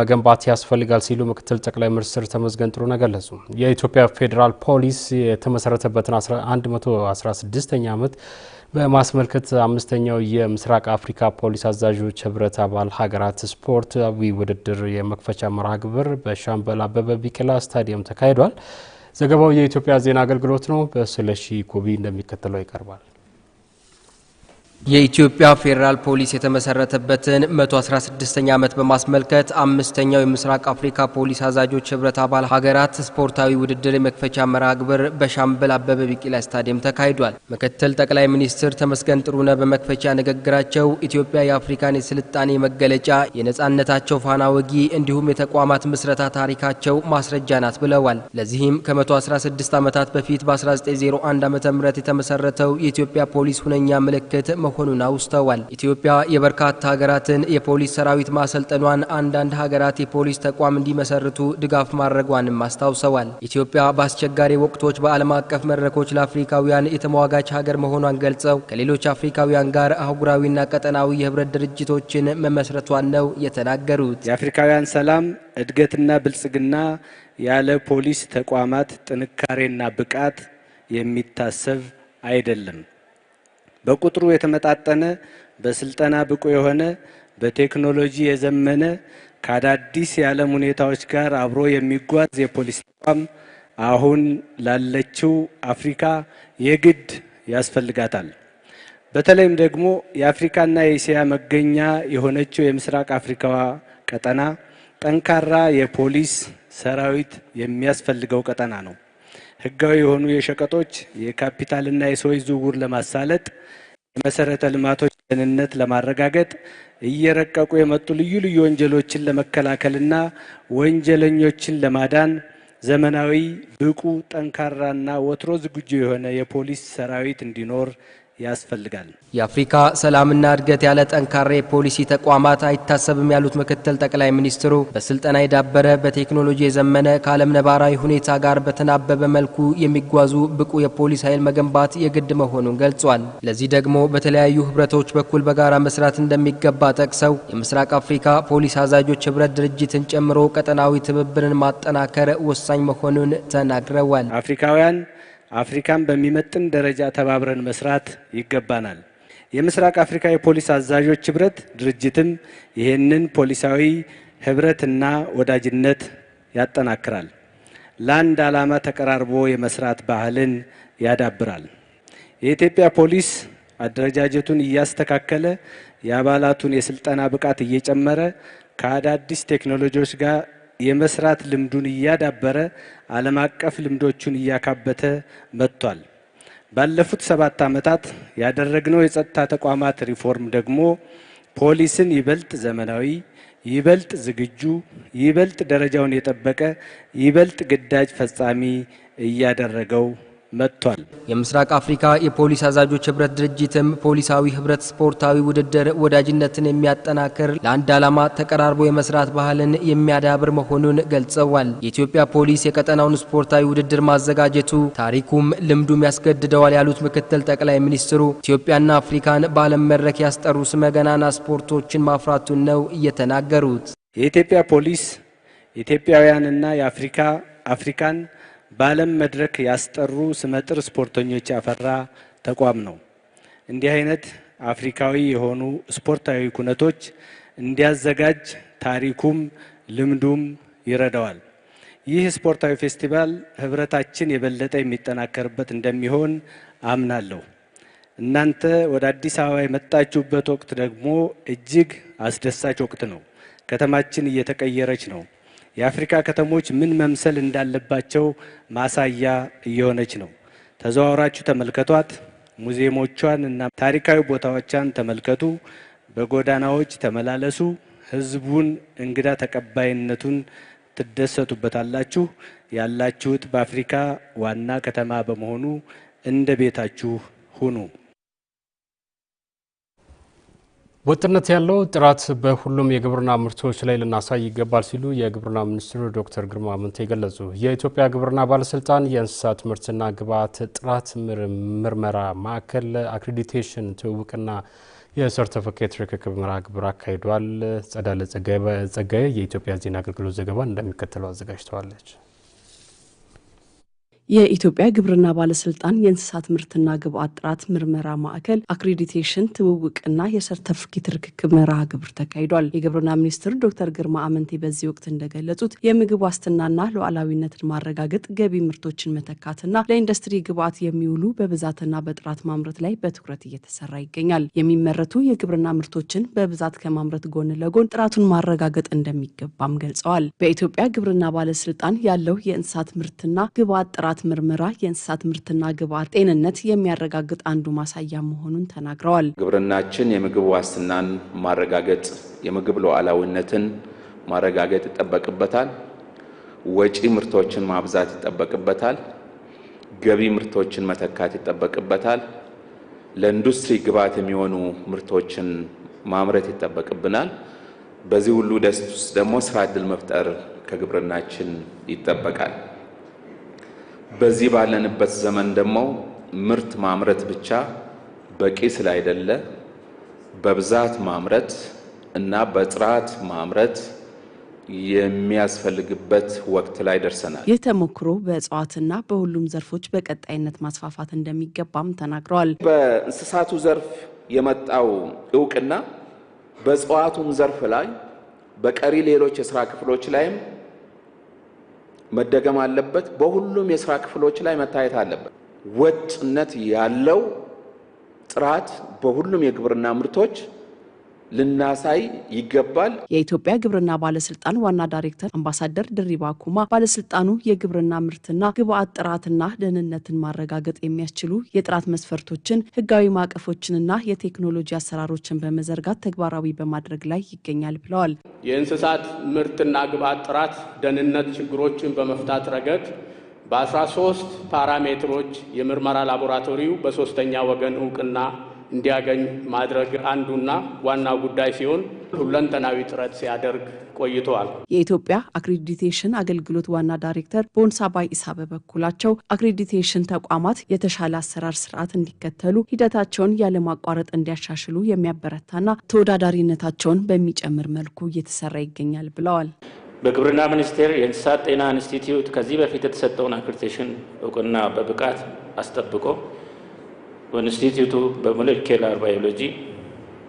መገንባት ያስፈልጋል ሲሉ ምክትል ጠቅላይ ሚኒስትር ተመስገን ጥሩነህ ገለጹ። የኢትዮጵያ ፌዴራል ፖሊስ የተመሰረተበትን 116ኛ ዓመት በማስመልከት አምስተኛው የምስራቅ አፍሪካ ፖሊስ አዛዦች ህብረት አባል ሀገራት ስፖርታዊ ውድድር የመክፈቻ መርሃ ግብር በሻምበል አበበ ቢቂላ ስታዲየም ተካሂዷል። ዘገባው የኢትዮጵያ ዜና አገልግሎት ነው። በስለሺ ኩቢ እንደሚከተለው ይቀርባል። የኢትዮጵያ ፌዴራል ፖሊስ የተመሰረተበትን 116ኛ ዓመት በማስመልከት አምስተኛው የምስራቅ አፍሪካ ፖሊስ አዛዦች ህብረት አባል ሀገራት ስፖርታዊ ውድድር የመክፈቻ መርሃ ግብር በሻምበል አበበ ቢቂላ ስታዲየም ተካሂዷል። ምክትል ጠቅላይ ሚኒስትር ተመስገን ጥሩነህ በመክፈቻ ንግግራቸው ኢትዮጵያ የአፍሪካን የስልጣኔ መገለጫ፣ የነፃነታቸው ፋና ወጊ እንዲሁም የተቋማት ምስረታ ታሪካቸው ማስረጃ ናት ብለዋል። ለዚህም ከ116 ዓመታት በፊት በ1901 ዓ ም የተመሰረተው የኢትዮጵያ ፖሊስ ሁነኛ ምልክት መሆኑን አውስተዋል። ኢትዮጵያ የበርካታ ሀገራትን የፖሊስ ሰራዊት ማሰልጠኗን፣ አንዳንድ ሀገራት የፖሊስ ተቋም እንዲመሰርቱ ድጋፍ ማድረጓንም አስታውሰዋል። ኢትዮጵያ በአስቸጋሪ ወቅቶች በዓለም አቀፍ መድረኮች ለአፍሪካውያን የተሟጋች ሀገር መሆኗን ገልጸው ከሌሎች አፍሪካውያን ጋር አህጉራዊና ቀጠናዊ የህብረት ድርጅቶችን መመስረቷን ነው የተናገሩት። የአፍሪካውያን ሰላም እድገትና ብልጽግና ያለ ፖሊስ ተቋማት ጥንካሬና ብቃት የሚታሰብ አይደለም። በቁጥሩ የተመጣጠነ በስልጠና ብቁ የሆነ በቴክኖሎጂ የዘመነ ከአዳዲስ የዓለም ሁኔታዎች ጋር አብሮ የሚጓዝ የፖሊስ ተቋም አሁን ላለችው አፍሪካ የግድ ያስፈልጋታል። በተለይም ደግሞ የአፍሪካና የእስያ መገኛ የሆነችው የምስራቅ አፍሪካ ቀጠና ጠንካራ የፖሊስ ሰራዊት የሚያስፈልገው ቀጠና ነው። ህጋዊ የሆኑ የሸቀጦች የካፒታልና የሰዎች ዝውውር ለማሳለጥ የመሰረተ ልማቶች ደህንነት ለማረጋገጥ እየረቀቁ የመጡ ልዩ ልዩ ወንጀሎችን ለመከላከልና ወንጀለኞችን ለማዳን ዘመናዊ ብቁ ጠንካራና ወትሮ ዝግጁ የሆነ የፖሊስ ሰራዊት እንዲኖር ያስፈልጋል። የአፍሪካ ሰላምና እድገት ያለ ጠንካራ የፖሊሲ ተቋማት አይታሰብም ያሉት ምክትል ጠቅላይ ሚኒስትሩ በስልጠና የዳበረ በቴክኖሎጂ የዘመነ ከዓለም ነባራዊ ሁኔታ ጋር በተናበበ መልኩ የሚጓዙ ብቁ የፖሊስ ኃይል መገንባት የግድ መሆኑን ገልጿል። ለዚህ ደግሞ በተለያዩ ህብረቶች በኩል በጋራ መስራት እንደሚገባ ጠቅሰው የምስራቅ አፍሪካ ፖሊስ አዛዦች ህብረት ድርጅትን ጨምሮ ቀጠናዊ ትብብርን ማጠናከር ወሳኝ መሆኑን ተናግረዋል። አፍሪካውያን አፍሪካን በሚመጥን ደረጃ ተባብረን መስራት ይገባናል። የምስራቅ አፍሪካ የፖሊስ አዛዦች ህብረት ድርጅትም ይህንን ፖሊሳዊ ህብረትና ወዳጅነት ያጠናክራል። ለአንድ ዓላማ ተቀራርቦ የመስራት ባህልን ያዳብራል። የኢትዮጵያ ፖሊስ አደረጃጀቱን እያስተካከለ የአባላቱን የስልጠና ብቃት እየጨመረ ከአዳዲስ ቴክኖሎጂዎች ጋር የመስራት ልምዱን እያዳበረ ዓለም አቀፍ ልምዶቹን እያካበተ መጥቷል። ባለፉት ሰባት ዓመታት ያደረግነው የጸጥታ ተቋማት ሪፎርም ደግሞ ፖሊስን ይበልጥ ዘመናዊ፣ ይበልጥ ዝግጁ፣ ይበልጥ ደረጃውን የጠበቀ፣ ይበልጥ ግዳጅ ፈጻሚ እያደረገው መጥቷል። የምስራቅ አፍሪካ የፖሊስ አዛዦች ህብረት ድርጅትም ፖሊሳዊ ህብረት ስፖርታዊ ውድድር ወዳጅነትን የሚያጠናክር ለአንድ ዓላማ ተቀራርቦ የመስራት ባህልን የሚያዳብር መሆኑን ገልጸዋል። የኢትዮጵያ ፖሊስ የቀጠናውን ስፖርታዊ ውድድር ማዘጋጀቱ ታሪኩም ልምዱም ያስገድደዋል ያሉት ምክትል ጠቅላይ ሚኒስትሩ ኢትዮጵያና አፍሪካን በዓለም መድረክ ያስጠሩ ስመገናና ስፖርቶችን ማፍራቱን ነው እየተናገሩት። የኢትዮጵያ ፖሊስ ኢትዮጵያውያንና የአፍሪካ አፍሪካን በዓለም መድረክ ያስጠሩ ስመጥር ስፖርተኞች ያፈራ ተቋም ነው። እንዲህ አይነት አፍሪካዊ የሆኑ ስፖርታዊ ኩነቶች እንዲያዘጋጅ ታሪኩም ልምዱም ይረዳዋል። ይህ ስፖርታዊ ፌስቲቫል ህብረታችን የበለጠ የሚጠናከርበት እንደሚሆን አምናለሁ። እናንተ ወደ አዲስ አበባ የመጣችሁበት ወቅት ደግሞ እጅግ አስደሳች ወቅት ነው። ከተማችን እየተቀየረች ነው። የአፍሪካ ከተሞች ምን መምሰል እንዳለባቸው ማሳያ እየሆነች ነው። ተዘዋውራችሁ ተመልከቷት። ሙዚየሞቿን እና ታሪካዊ ቦታዎቿን ተመልከቱ። በጎዳናዎች ተመላለሱ። ህዝቡን እንግዳ ተቀባይነቱን ትደሰቱበታላችሁ። ያላችሁት በአፍሪካ ዋና ከተማ በመሆኑ እንደ ቤታችሁ ሁኑ። ወጥነት ያለው ጥራት በሁሉም የግብርና ምርቶች ላይ ልናሳይ ይገባል ሲሉ የግብርና ሚኒስትሩ ዶክተር ግርማ መንቴ ገለጹ። የኢትዮጵያ ግብርና ባለስልጣን የእንስሳት ምርትና ግብዓት ጥራት ምርመራ ማዕከል አክሬዲቴሽን ትውውቅና የሰርተፊኬት ርክክብ መርሃ ግብር አካሂዷል። ጸዳለ ጸጋዬ የኢትዮጵያ ዜና አገልግሎት ዘገባ እንደሚከተለው አዘጋጅተዋለች። የኢትዮጵያ ግብርና ባለስልጣን የእንስሳት ምርትና ግብአት ጥራት ምርመራ ማዕከል አክሬዲቴሽን ትውውቅና የሰርተፍኬት ርክክብ መርሃ ግብር ተካሂዷል። የግብርና ሚኒስትር ዶክተር ግርማ አመንቴ በዚህ ወቅት እንደገለጹት የምግብ ዋስትናና ሉዓላዊነትን ማረጋገጥ፣ ገቢ ምርቶችን መተካትና ለኢንዱስትሪ ግብአት የሚውሉ በብዛትና በጥራት ማምረት ላይ በትኩረት እየተሰራ ይገኛል። የሚመረቱ የግብርና ምርቶችን በብዛት ከማምረት ጎን ለጎን ጥራቱን ማረጋገጥ እንደሚገባም ገልጸዋል። በኢትዮጵያ ግብርና ባለስልጣን ያለው የእንስሳት ምርትና ግብአት ጥራት ምርመራ የእንስሳት ምርትና ግብዓት ጤንነት የሚያረጋግጥ አንዱ ማሳያ መሆኑን ተናግረዋል። ግብርናችን የምግብ ዋስትናን ማረጋገጥ፣ የምግብ ሉዓላዊነትን ማረጋገጥ ይጠበቅበታል። ወጪ ምርቶችን ማብዛት ይጠበቅበታል። ገቢ ምርቶችን መተካት ይጠበቅበታል። ለኢንዱስትሪ ግብዓት የሚሆኑ ምርቶችን ማምረት ይጠበቅብናል። በዚህ ሁሉ ደስ ውስጥ ደግሞ ስራ ዕድል መፍጠር ከግብርናችን ይጠበቃል። በዚህ ባለንበት ዘመን ደግሞ ምርት ማምረት ብቻ በቂ ስላይደለ በብዛት ማምረት እና በጥራት ማምረት የሚያስፈልግበት ወቅት ላይ ደርሰናል። ይህ ተሞክሮ በእጽዋትና በሁሉም ዘርፎች በቀጣይነት ማስፋፋት እንደሚገባም ተናግረዋል። በእንስሳቱ ዘርፍ የመጣው እውቅና በእጽዋቱም ዘርፍ ላይ በቀሪ ሌሎች የስራ ክፍሎች ላይም መደገም አለበት። በሁሉም የስራ ክፍሎች ላይ መታየት አለበት። ወጥነት ያለው ጥራት በሁሉም የግብርና ምርቶች ልናሳይ ይገባል። የኢትዮጵያ ግብርና ባለስልጣን ዋና ዳይሬክተር አምባሳደር ድሪባ ኩማ ባለስልጣኑ የግብርና ምርትና ግብአት ጥራትና ደህንነትን ማረጋገጥ የሚያስችሉ የጥራት መስፈርቶችን፣ ህጋዊ ማዕቀፎችንና የቴክኖሎጂ አሰራሮችን በመዘርጋት ተግባራዊ በማድረግ ላይ ይገኛል ብለዋል። የእንስሳት ምርትና ግብአት ጥራት ደህንነት ችግሮችን በመፍታት ረገድ በአስራ ሶስት ፓራሜትሮች የምርመራ ላቦራቶሪው በሶስተኛ ወገን እውቅና እንዲያገኝ ማድረግ አንዱና ዋና ጉዳይ ሲሆን ሁለንተናዊ ጥረት ሲያደርግ ቆይተዋል። የኢትዮጵያ አክሬዲቴሽን አገልግሎት ዋና ዳይሬክተር ቦንሳ ባይ ኢሳ በበኩላቸው አክሬዲቴሽን ተቋማት የተሻለ አሰራር ስርዓት እንዲከተሉ ሂደታቸውን ያለማቋረጥ እንዲያሻሽሉ የሚያበረታና ተወዳዳሪነታቸውን በሚጨምር መልኩ እየተሰራ ይገኛል ብለዋል። በግብርና ሚኒስቴር የእንስሳት ጤና ኢንስቲትዩት ከዚህ በፊት የተሰጠውን አክሬዲቴሽን እውቅና በብቃት አስጠብቆ በኢንስቲትዩቱ በሞለኪውላር ባዮሎጂ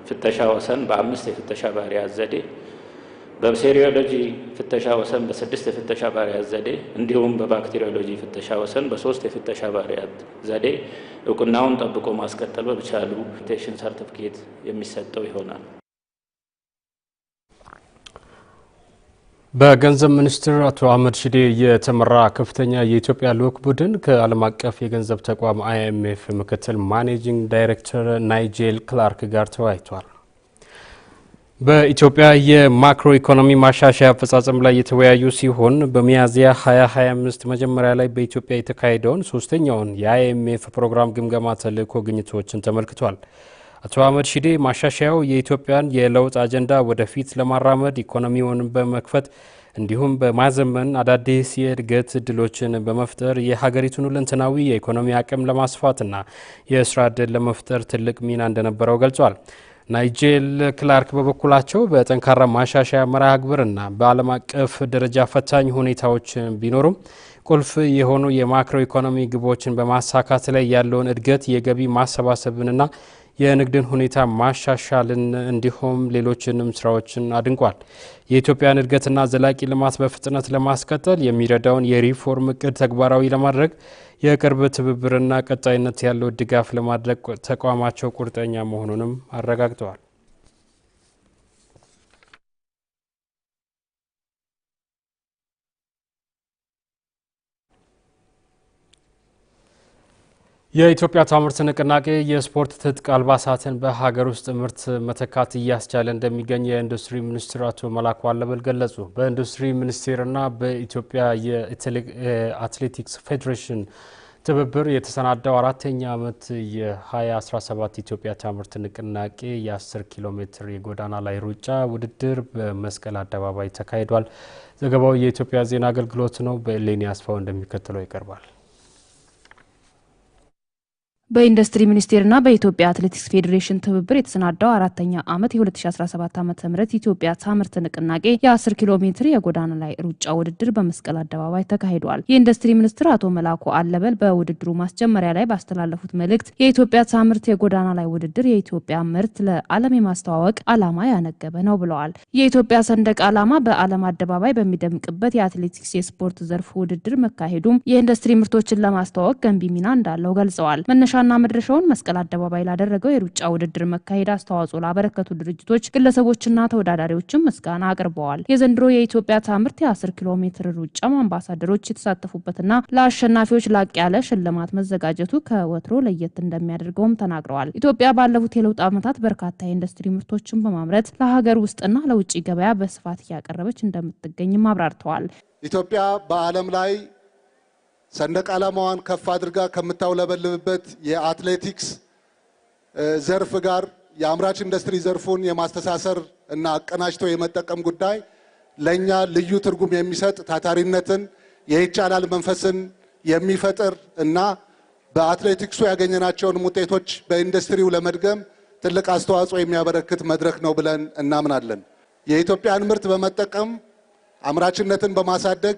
ፍተሻ ወሰን በአምስት የፍተሻ ባህሪያት ዘዴ በሴሪዮሎጂ ፍተሻ ወሰን በስድስት የፍተሻ ባህሪያት ዘዴ እንዲሁም በባክቴሪዮሎጂ ፍተሻ ወሰን በሶስት የፍተሻ ባህሪያት ዘዴ እውቅናውን ጠብቆ ማስቀጠል በመቻሉ ቴሽን ሰርቲፊኬት የሚሰጠው ይሆናል። በገንዘብ ሚኒስትር አቶ አህመድ ሽዴ የተመራ ከፍተኛ የኢትዮጵያ ልዑክ ቡድን ከዓለም አቀፍ የገንዘብ ተቋም አይኤምኤፍ ምክትል ማኔጂንግ ዳይሬክተር ናይጄል ክላርክ ጋር ተወያይቷል። በኢትዮጵያ የማክሮ ኢኮኖሚ ማሻሻያ አፈጻጸም ላይ የተወያዩ ሲሆን በሚያዝያ 2025 መጀመሪያ ላይ በኢትዮጵያ የተካሄደውን ሶስተኛውን የአይኤምኤፍ ፕሮግራም ግምገማ ተልእኮ ግኝቶችን ተመልክቷል። አቶ አህመድ ሺዴ ማሻሻያው የኢትዮጵያን የለውጥ አጀንዳ ወደፊት ለማራመድ ኢኮኖሚውን በመክፈት እንዲሁም በማዘመን አዳዲስ የእድገት እድሎችን በመፍጠር የሀገሪቱን ሁለንተናዊ የኢኮኖሚ አቅም ለማስፋትና የስራ እድል ለመፍጠር ትልቅ ሚና እንደነበረው ገልጿል። ናይጄል ክላርክ በበኩላቸው በጠንካራ ማሻሻያ መርሃ ግብርና በዓለም አቀፍ ደረጃ ፈታኝ ሁኔታዎች ቢኖሩም ቁልፍ የሆኑ የማክሮ ኢኮኖሚ ግቦችን በማሳካት ላይ ያለውን እድገት የገቢ ማሰባሰብንና የንግድን ሁኔታ ማሻሻልን እንዲሁም ሌሎችንም ስራዎችን አድንቋል። የኢትዮጵያን እድገትና ዘላቂ ልማት በፍጥነት ለማስቀጠል የሚረዳውን የሪፎርም እቅድ ተግባራዊ ለማድረግ የቅርብ ትብብርና ቀጣይነት ያለው ድጋፍ ለማድረግ ተቋማቸው ቁርጠኛ መሆኑንም አረጋግጠዋል። የኢትዮጵያ ታምርት ንቅናቄ የስፖርት ትጥቅ አልባሳትን በሀገር ውስጥ ምርት መተካት እያስቻለ እንደሚገኝ የኢንዱስትሪ ሚኒስትር አቶ መላኩ አለበል ገለጹ። በኢንዱስትሪ ሚኒስቴርና በኢትዮጵያ የአትሌቲክስ ፌዴሬሽን ትብብር የተሰናዳው አራተኛ ዓመት የ2017 ኢትዮጵያ ታምርት ንቅናቄ የ10 ኪሎ ሜትር የጎዳና ላይ ሩጫ ውድድር በመስቀል አደባባይ ተካሂዷል። ዘገባው የኢትዮጵያ ዜና አገልግሎት ነው። በእሌኒ አስፋው እንደሚከተለው ይቀርባል። በኢንዱስትሪ ሚኒስቴርና በኢትዮጵያ አትሌቲክስ ፌዴሬሽን ትብብር የተሰናዳው አራተኛ ዓመት የ2017 ዓ ም ኢትዮጵያ ሳምርት ንቅናቄ የ10 ኪሎ ሜትር የጎዳና ላይ ሩጫ ውድድር በመስቀል አደባባይ ተካሂዷል። የኢንዱስትሪ ሚኒስትር አቶ መላኩ አለበል በውድድሩ ማስጀመሪያ ላይ ባስተላለፉት መልእክት የኢትዮጵያ ሳምርት የጎዳና ላይ ውድድር የኢትዮጵያ ምርት ለዓለም የማስተዋወቅ ዓላማ ያነገበ ነው ብለዋል። የኢትዮጵያ ሰንደቅ ዓላማ በዓለም አደባባይ በሚደምቅበት የአትሌቲክስ የስፖርት ዘርፍ ውድድር መካሄዱም የኢንዱስትሪ ምርቶችን ለማስተዋወቅ ገንቢ ሚና እንዳለው ገልጸዋል። መነሻና መድረሻውን መስቀል አደባባይ ላደረገው የሩጫ ውድድር መካሄድ አስተዋጽኦ ላበረከቱ ድርጅቶች፣ ግለሰቦችና ተወዳዳሪዎችም ምስጋና አቅርበዋል። የዘንድሮ የኢትዮጵያ ታምርት የ10 ኪሎ ሜትር ሩጫም አምባሳደሮች የተሳተፉበትና ለአሸናፊዎች ላቅ ያለ ሽልማት መዘጋጀቱ ከወትሮ ለየት እንደሚያደርገውም ተናግረዋል። ኢትዮጵያ ባለፉት የለውጥ ዓመታት በርካታ የኢንዱስትሪ ምርቶችን በማምረት ለሀገር ውስጥና ለውጭ ገበያ በስፋት እያቀረበች እንደምትገኝም አብራርተዋል። ኢትዮጵያ በዓለም ላይ ሰንደቅ ዓላማዋን ከፍ አድርጋ ከምታውለበልብበት የአትሌቲክስ ዘርፍ ጋር የአምራች ኢንዱስትሪ ዘርፉን የማስተሳሰር እና አቀናጅቶ የመጠቀም ጉዳይ ለእኛ ልዩ ትርጉም የሚሰጥ ታታሪነትን፣ የይቻላል መንፈስን የሚፈጥር እና በአትሌቲክሱ ያገኘናቸውን ውጤቶች በኢንዱስትሪው ለመድገም ትልቅ አስተዋጽኦ የሚያበረክት መድረክ ነው ብለን እናምናለን። የኢትዮጵያን ምርት በመጠቀም አምራችነትን በማሳደግ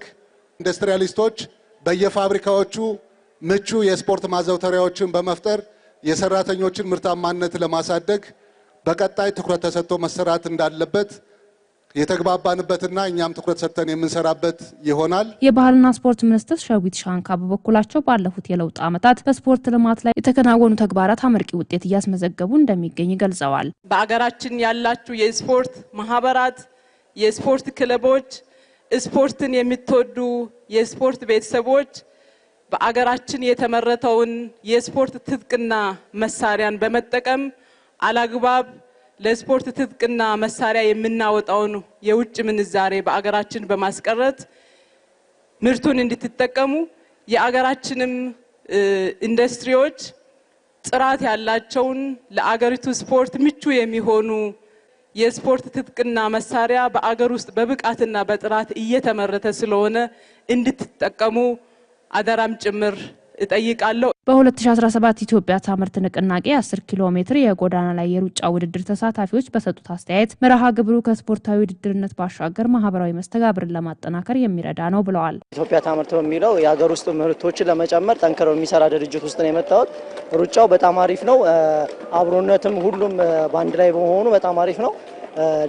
ኢንዱስትሪያሊስቶች በየፋብሪካዎቹ ምቹ የስፖርት ማዘውተሪያዎችን በመፍጠር የሰራተኞችን ምርታማነት ለማሳደግ በቀጣይ ትኩረት ተሰጥቶ መሰራት እንዳለበት የተግባባንበትና እኛም ትኩረት ሰጥተን የምንሰራበት ይሆናል። የባህልና ስፖርት ሚኒስትር ሸዊት ሻንካ በበኩላቸው ባለፉት የለውጥ ዓመታት በስፖርት ልማት ላይ የተከናወኑ ተግባራት አመርቂ ውጤት እያስመዘገቡ እንደሚገኝ ገልጸዋል። በአገራችን ያላችሁ የስፖርት ማህበራት፣ የስፖርት ክለቦች ስፖርትን የምትወዱ የስፖርት ቤተሰቦች በአገራችን የተመረተውን የስፖርት ትጥቅና መሳሪያን በመጠቀም አላግባብ ለስፖርት ትጥቅና መሳሪያ የምናወጣውን የውጭ ምንዛሬ በአገራችን በማስቀረት ምርቱን እንድትጠቀሙ የአገራችንም ኢንዱስትሪዎች ጥራት ያላቸውን ለአገሪቱ ስፖርት ምቹ የሚሆኑ የስፖርት ትጥቅና መሳሪያ በአገር ውስጥ በብቃትና በጥራት እየተመረተ ስለሆነ እንድትጠቀሙ አደራም ጭምር እጠይቃለሁ። በ2017 ኢትዮጵያ ታምርት ንቅናቄ 10 ኪሎ ሜትር የጎዳና ላይ የሩጫ ውድድር ተሳታፊዎች በሰጡት አስተያየት መርሃ ግብሩ ከስፖርታዊ ውድድርነት ባሻገር ማህበራዊ መስተጋብርን ለማጠናከር የሚረዳ ነው ብለዋል። ኢትዮጵያ ታምርት በሚለው የሀገር ውስጥ ምርቶችን ለመጨመር ጠንክረው የሚሰራ ድርጅት ውስጥ ነው የመጣሁት። ሩጫው በጣም አሪፍ ነው። አብሮነትም ሁሉም በአንድ ላይ በመሆኑ በጣም አሪፍ ነው።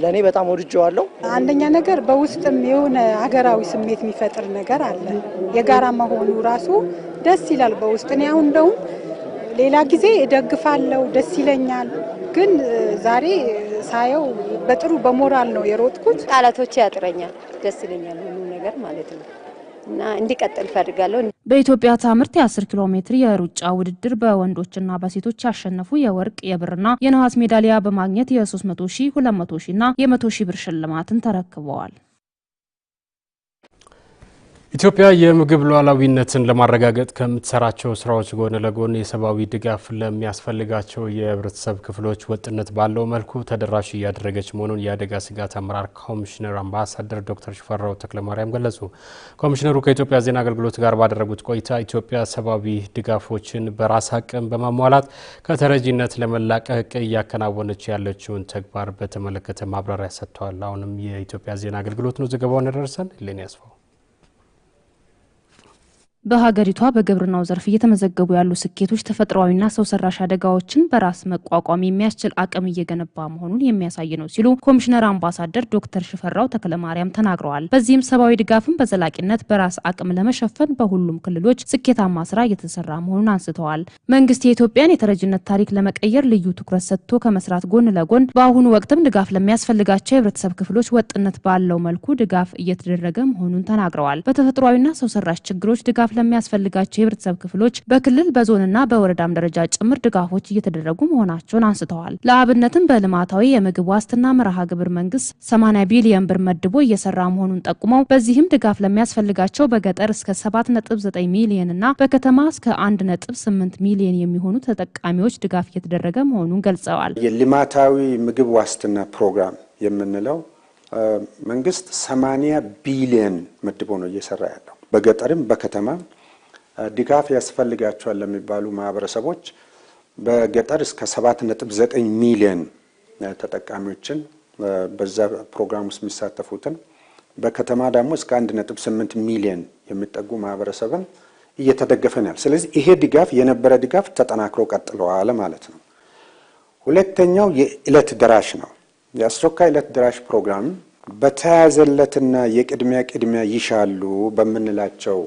ለእኔ በጣም ወድጀዋለሁ። አንደኛ ነገር በውስጥም የሆነ ሀገራዊ ስሜት የሚፈጥር ነገር አለ። የጋራ መሆኑ ራሱ ደስ ይላል። በውስጥ እኔ አሁን እንደውም ሌላ ጊዜ እደግፋለሁ፣ ደስ ይለኛል። ግን ዛሬ ሳየው በጥሩ በሞራል ነው የሮጥኩት። ቃላቶች ያጥረኛል። ደስ ይለኛል ሁሉ ነገር ማለት ነው። እና እንዲቀጥል ፈልጋለሁ። በኢትዮጵያ ታምርት የአስር ኪሎ ሜትር የሩጫ ውድድር በወንዶችና በሴቶች ያሸነፉ የወርቅ የብርና የነሐስ ሜዳሊያ በማግኘት የ300 ሺ፣ 200 ሺ እና የ100 ሺ ብር ሽልማትን ተረክበዋል። ኢትዮጵያ የምግብ ሉዓላዊነትን ለማረጋገጥ ከምትሰራቸው ስራዎች ጎን ለጎን የሰብአዊ ድጋፍ ለሚያስፈልጋቸው የህብረተሰብ ክፍሎች ወጥነት ባለው መልኩ ተደራሽ እያደረገች መሆኑን የአደጋ ስጋት አመራር ኮሚሽነር አምባሳደር ዶክተር ሽፈራው ተክለማርያም ገለጹ። ኮሚሽነሩ ከኢትዮጵያ ዜና አገልግሎት ጋር ባደረጉት ቆይታ ኢትዮጵያ ሰብአዊ ድጋፎችን በራስ አቅም በማሟላት ከተረጂነት ለመላቀቅ እያከናወነች ያለችውን ተግባር በተመለከተ ማብራሪያ ሰጥተዋል። አሁንም የኢትዮጵያ ዜና አገልግሎት ነው ዘገባውን ያደረሰን ሌን ያስፋው በሀገሪቷ በግብርናው ዘርፍ እየተመዘገቡ ያሉ ስኬቶች ተፈጥሯዊና ሰው ሰራሽ አደጋዎችን በራስ መቋቋም የሚያስችል አቅም እየገነባ መሆኑን የሚያሳይ ነው ሲሉ ኮሚሽነር አምባሳደር ዶክተር ሽፈራው ተክለማርያም ተናግረዋል። በዚህም ሰብአዊ ድጋፍን በዘላቂነት በራስ አቅም ለመሸፈን በሁሉም ክልሎች ስኬታማ ስራ እየተሰራ መሆኑን አንስተዋል። መንግስት የኢትዮጵያን የተረጅነት ታሪክ ለመቀየር ልዩ ትኩረት ሰጥቶ ከመስራት ጎን ለጎን በአሁኑ ወቅትም ድጋፍ ለሚያስፈልጋቸው የህብረተሰብ ክፍሎች ወጥነት ባለው መልኩ ድጋፍ እየተደረገ መሆኑን ተናግረዋል። በተፈጥሯዊና ሰው ሰራሽ ችግሮች ድጋፍ ለሚያስፈልጋቸው የህብረተሰብ ክፍሎች በክልል በዞንና በወረዳም ደረጃ ጭምር ድጋፎች እየተደረጉ መሆናቸውን አንስተዋል። ለአብነትም በልማታዊ የምግብ ዋስትና መርሃ ግብር መንግስት 80 ቢሊዮን ብር መድቦ እየሰራ መሆኑን ጠቁመው በዚህም ድጋፍ ለሚያስፈልጋቸው በገጠር እስከ 7.9 ሚሊዮን እና በከተማ እስከ 1.8 ሚሊዮን የሚሆኑ ተጠቃሚዎች ድጋፍ እየተደረገ መሆኑን ገልጸዋል። የልማታዊ ምግብ ዋስትና ፕሮግራም የምንለው መንግስት 80 ቢሊዮን መድቦ ነው እየሰራ ያለው በገጠርም በከተማ ድጋፍ ያስፈልጋቸዋል ለሚባሉ ማህበረሰቦች በገጠር እስከ 7.9 ሚሊዮን ተጠቃሚዎችን በዛ ፕሮግራም ውስጥ የሚሳተፉትን በከተማ ደግሞ እስከ 1.8 ሚሊዮን የሚጠጉ ማህበረሰብን ነው። ስለዚህ ይሄ ድጋፍ የነበረ ድጋፍ ተጠናክሮ ቀጥለዋል ማለት ነው። ሁለተኛው የዕለት ደራሽ ነው። የአስቸኳይ ዕለት ደራሽ ፕሮግራም በተያዘለትና የቅድሚያ ቅድሚያ ይሻሉ በምንላቸው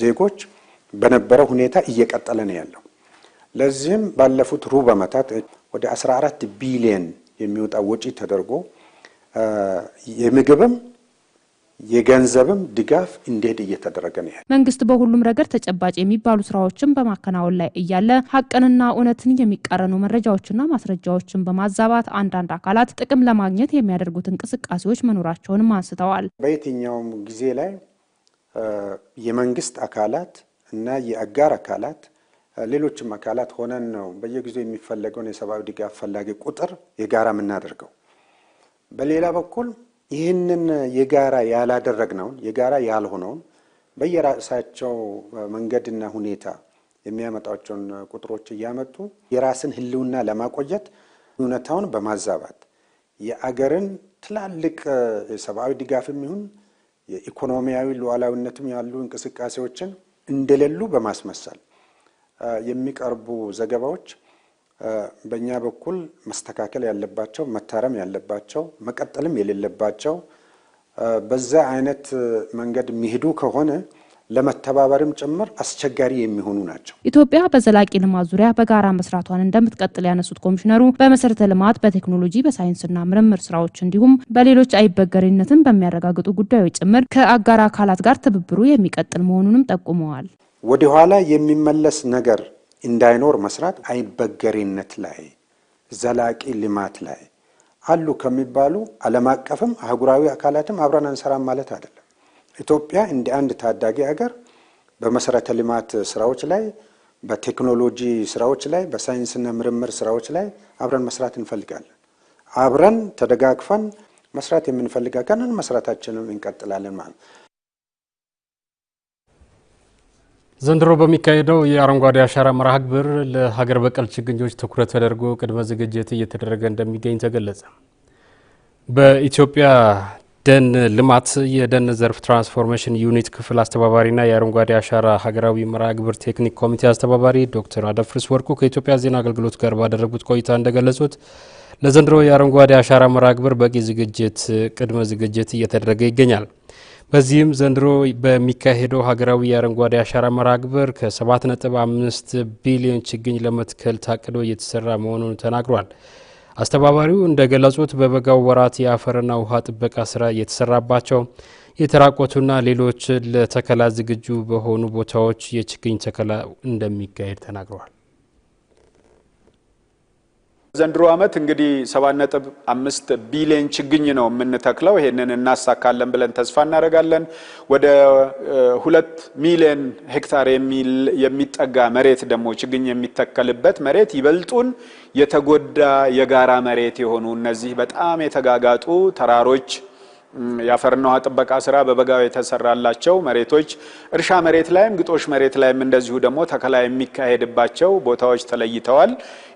ዜጎች በነበረ ሁኔታ እየቀጠለ ነው ያለው። ለዚህም ባለፉት ሩብ ዓመታት ወደ 14 ቢሊየን የሚወጣ ወጪ ተደርጎ የምግብም የገንዘብም ድጋፍ እንዴት እየተደረገ ነው። መንግስት በሁሉም ረገድ ተጨባጭ የሚባሉ ስራዎችን በማከናወን ላይ እያለ ሀቅንና እውነትን የሚቃረኑ መረጃዎችና ማስረጃዎችን በማዛባት አንዳንድ አካላት ጥቅም ለማግኘት የሚያደርጉት እንቅስቃሴዎች መኖራቸውንም አንስተዋል። በየትኛውም ጊዜ ላይ የመንግስት አካላት እና የአጋር አካላት ሌሎችም አካላት ሆነን ነው በየጊዜው የሚፈለገውን የሰብአዊ ድጋፍ ፈላጊ ቁጥር የጋራ የምናደርገው። በሌላ በኩል ይህንን የጋራ ያላደረግነውን የጋራ ያልሆነውን በየራሳቸው መንገድና ሁኔታ የሚያመጣቸውን ቁጥሮች እያመጡ የራስን ህልውና ለማቆየት እውነታውን በማዛባት የአገርን ትላልቅ የሰብአዊ ድጋፍም ይሁን የኢኮኖሚያዊ ሉዓላዊነትም ያሉ እንቅስቃሴዎችን እንደሌሉ በማስመሰል የሚቀርቡ ዘገባዎች በእኛ በኩል መስተካከል ያለባቸው መታረም ያለባቸው መቀጠልም የሌለባቸው በዛ አይነት መንገድ የሚሄዱ ከሆነ ለመተባበርም ጭምር አስቸጋሪ የሚሆኑ ናቸው። ኢትዮጵያ በዘላቂ ልማት ዙሪያ በጋራ መስራቷን እንደምትቀጥል ያነሱት ኮሚሽነሩ በመሰረተ ልማት፣ በቴክኖሎጂ፣ በሳይንስና ምርምር ስራዎች እንዲሁም በሌሎች አይበገሪነትን በሚያረጋግጡ ጉዳዮች ጭምር ከአጋር አካላት ጋር ትብብሩ የሚቀጥል መሆኑንም ጠቁመዋል። ወደኋላ የሚመለስ ነገር እንዳይኖር መስራት አይበገሬነት ላይ ዘላቂ ልማት ላይ አሉ ከሚባሉ ዓለም አቀፍም አህጉራዊ አካላትም አብረን አንሰራም ማለት አይደለም። ኢትዮጵያ እንደ አንድ ታዳጊ ሀገር በመሰረተ ልማት ስራዎች ላይ፣ በቴክኖሎጂ ስራዎች ላይ፣ በሳይንስና ምርምር ስራዎች ላይ አብረን መስራት እንፈልጋለን። አብረን ተደጋግፈን መስራት የምንፈልጋ ከንን መስራታችንን እንቀጥላለን ማለት ነው። ዘንድሮ በሚካሄደው የአረንጓዴ አሻራ መርሃ ግብር ለሀገር በቀል ችግኞች ትኩረት ተደርጎ ቅድመ ዝግጅት እየተደረገ እንደሚገኝ ተገለጸ። በኢትዮጵያ ደን ልማት የደን ዘርፍ ትራንስፎርሜሽን ዩኒት ክፍል አስተባባሪና የአረንጓዴ አሻራ ሀገራዊ መርሃ ግብር ቴክኒክ ኮሚቴ አስተባባሪ ዶክተር አደፍርስ ወርቁ ከኢትዮጵያ ዜና አገልግሎት ጋር ባደረጉት ቆይታ እንደገለጹት ለዘንድሮ የአረንጓዴ አሻራ መርሃ ግብር በቂ ዝግጅት ቅድመ ዝግጅት እየተደረገ ይገኛል። በዚህም ዘንድሮ በሚካሄደው ሀገራዊ የአረንጓዴ አሻራ መርሃ ግብር ከ7.5 ቢሊዮን ችግኝ ለመትከል ታቅዶ እየተሰራ መሆኑን ተናግሯል። አስተባባሪው እንደገለጹት በበጋው ወራት የአፈርና ውሃ ጥበቃ ስራ እየተሰራባቸው የተራቆቱና ሌሎች ለተከላ ዝግጁ በሆኑ ቦታዎች የችግኝ ተከላ እንደሚካሄድ ተናግረዋል። ዘንድሮ ዓመት እንግዲህ ሰባት ነጥብ አምስት ቢሊዮን ችግኝ ነው የምንተክለው። ይሄንን እናሳካለን ብለን ተስፋ እናደርጋለን። ወደ ሁለት ሚሊዮን ሄክታር የሚጠጋ መሬት ደግሞ ችግኝ የሚተከልበት መሬት ይበልጡን የተጎዳ የጋራ መሬት የሆኑ እነዚህ በጣም የተጋጋጡ ተራሮች የአፈርና ውሃ ጥበቃ ስራ በበጋው የተሰራላቸው መሬቶች እርሻ መሬት ላይም ግጦሽ መሬት ላይም እንደዚሁ ደግሞ ተከላ የሚካሄድባቸው ቦታዎች ተለይተዋል።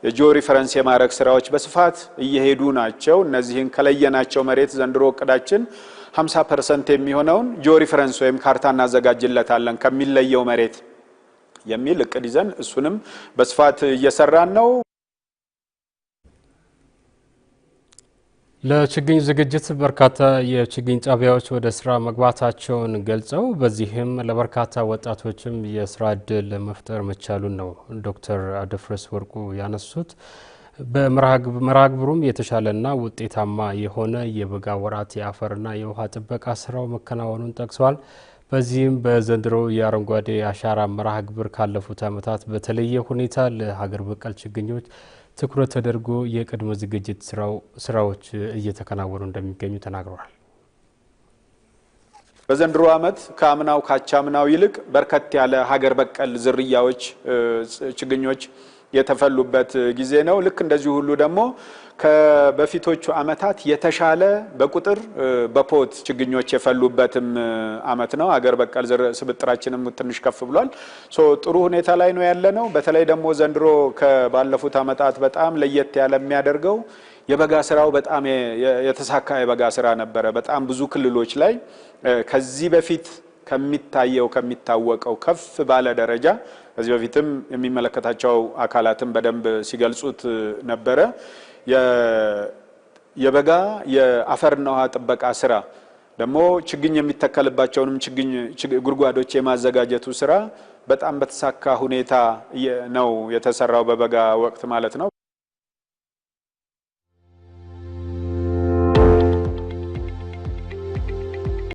የጂኦ ሪፈረንስ የማድረግ ስራዎች በስፋት እየሄዱ ናቸው። እነዚህን ከለየናቸው መሬት ዘንድሮ እቅዳችን 50 ፐርሰንት የሚሆነውን ጂኦ ሪፈረንስ ወይም ካርታ እናዘጋጅለታለን ከሚለየው መሬት የሚል እቅድ ይዘን እሱንም በስፋት እየሰራን ነው። ለችግኝ ዝግጅት በርካታ የችግኝ ጣቢያዎች ወደ ስራ መግባታቸውን ገልጸው በዚህም ለበርካታ ወጣቶችም የስራ እድል መፍጠር መቻሉን ነው ዶክተር አደፍረስ ወርቁ ያነሱት። በመርሃ ግብሩም የተሻለና ውጤታማ የሆነ የበጋ ወራት የአፈርና የውሃ ጥበቃ ስራው መከናወኑን ጠቅሰዋል። በዚህም በዘንድሮ የአረንጓዴ አሻራ መርሃ ግብር ካለፉት ዓመታት በተለየ ሁኔታ ለሀገር በቀል ችግኞች ትኩረት ተደርጎ የቅድመ ዝግጅት ስራዎች እየተከናወኑ እንደሚገኙ ተናግረዋል። በዘንድሮ ዓመት ከአምናው ካቻምናው ይልቅ በርከት ያለ ሀገር በቀል ዝርያዎች ችግኞች የተፈሉበት ጊዜ ነው። ልክ እንደዚህ ሁሉ ደግሞ ከበፊቶቹ አመታት የተሻለ በቁጥር በፖት ችግኞች የፈሉበትም አመት ነው። አገር በቀል ስብጥራችንም ትንሽ ከፍ ብሏል። ሶ ጥሩ ሁኔታ ላይ ነው ያለ ነው። በተለይ ደግሞ ዘንድሮ ከባለፉት አመታት በጣም ለየት ያለ የሚያደርገው የበጋ ስራው በጣም የተሳካ የበጋ ስራ ነበረ። በጣም ብዙ ክልሎች ላይ ከዚህ በፊት ከሚታየው ከሚታወቀው ከፍ ባለ ደረጃ ከዚህ በፊትም የሚመለከታቸው አካላትም በደንብ ሲገልጹት ነበረ። የበጋ የአፈርና ውሃ ጥበቃ ስራ ደግሞ ችግኝ የሚተከልባቸውንም ችግኝ ጉድጓዶች የማዘጋጀቱ ስራ በጣም በተሳካ ሁኔታ ነው የተሰራው በበጋ ወቅት ማለት ነው።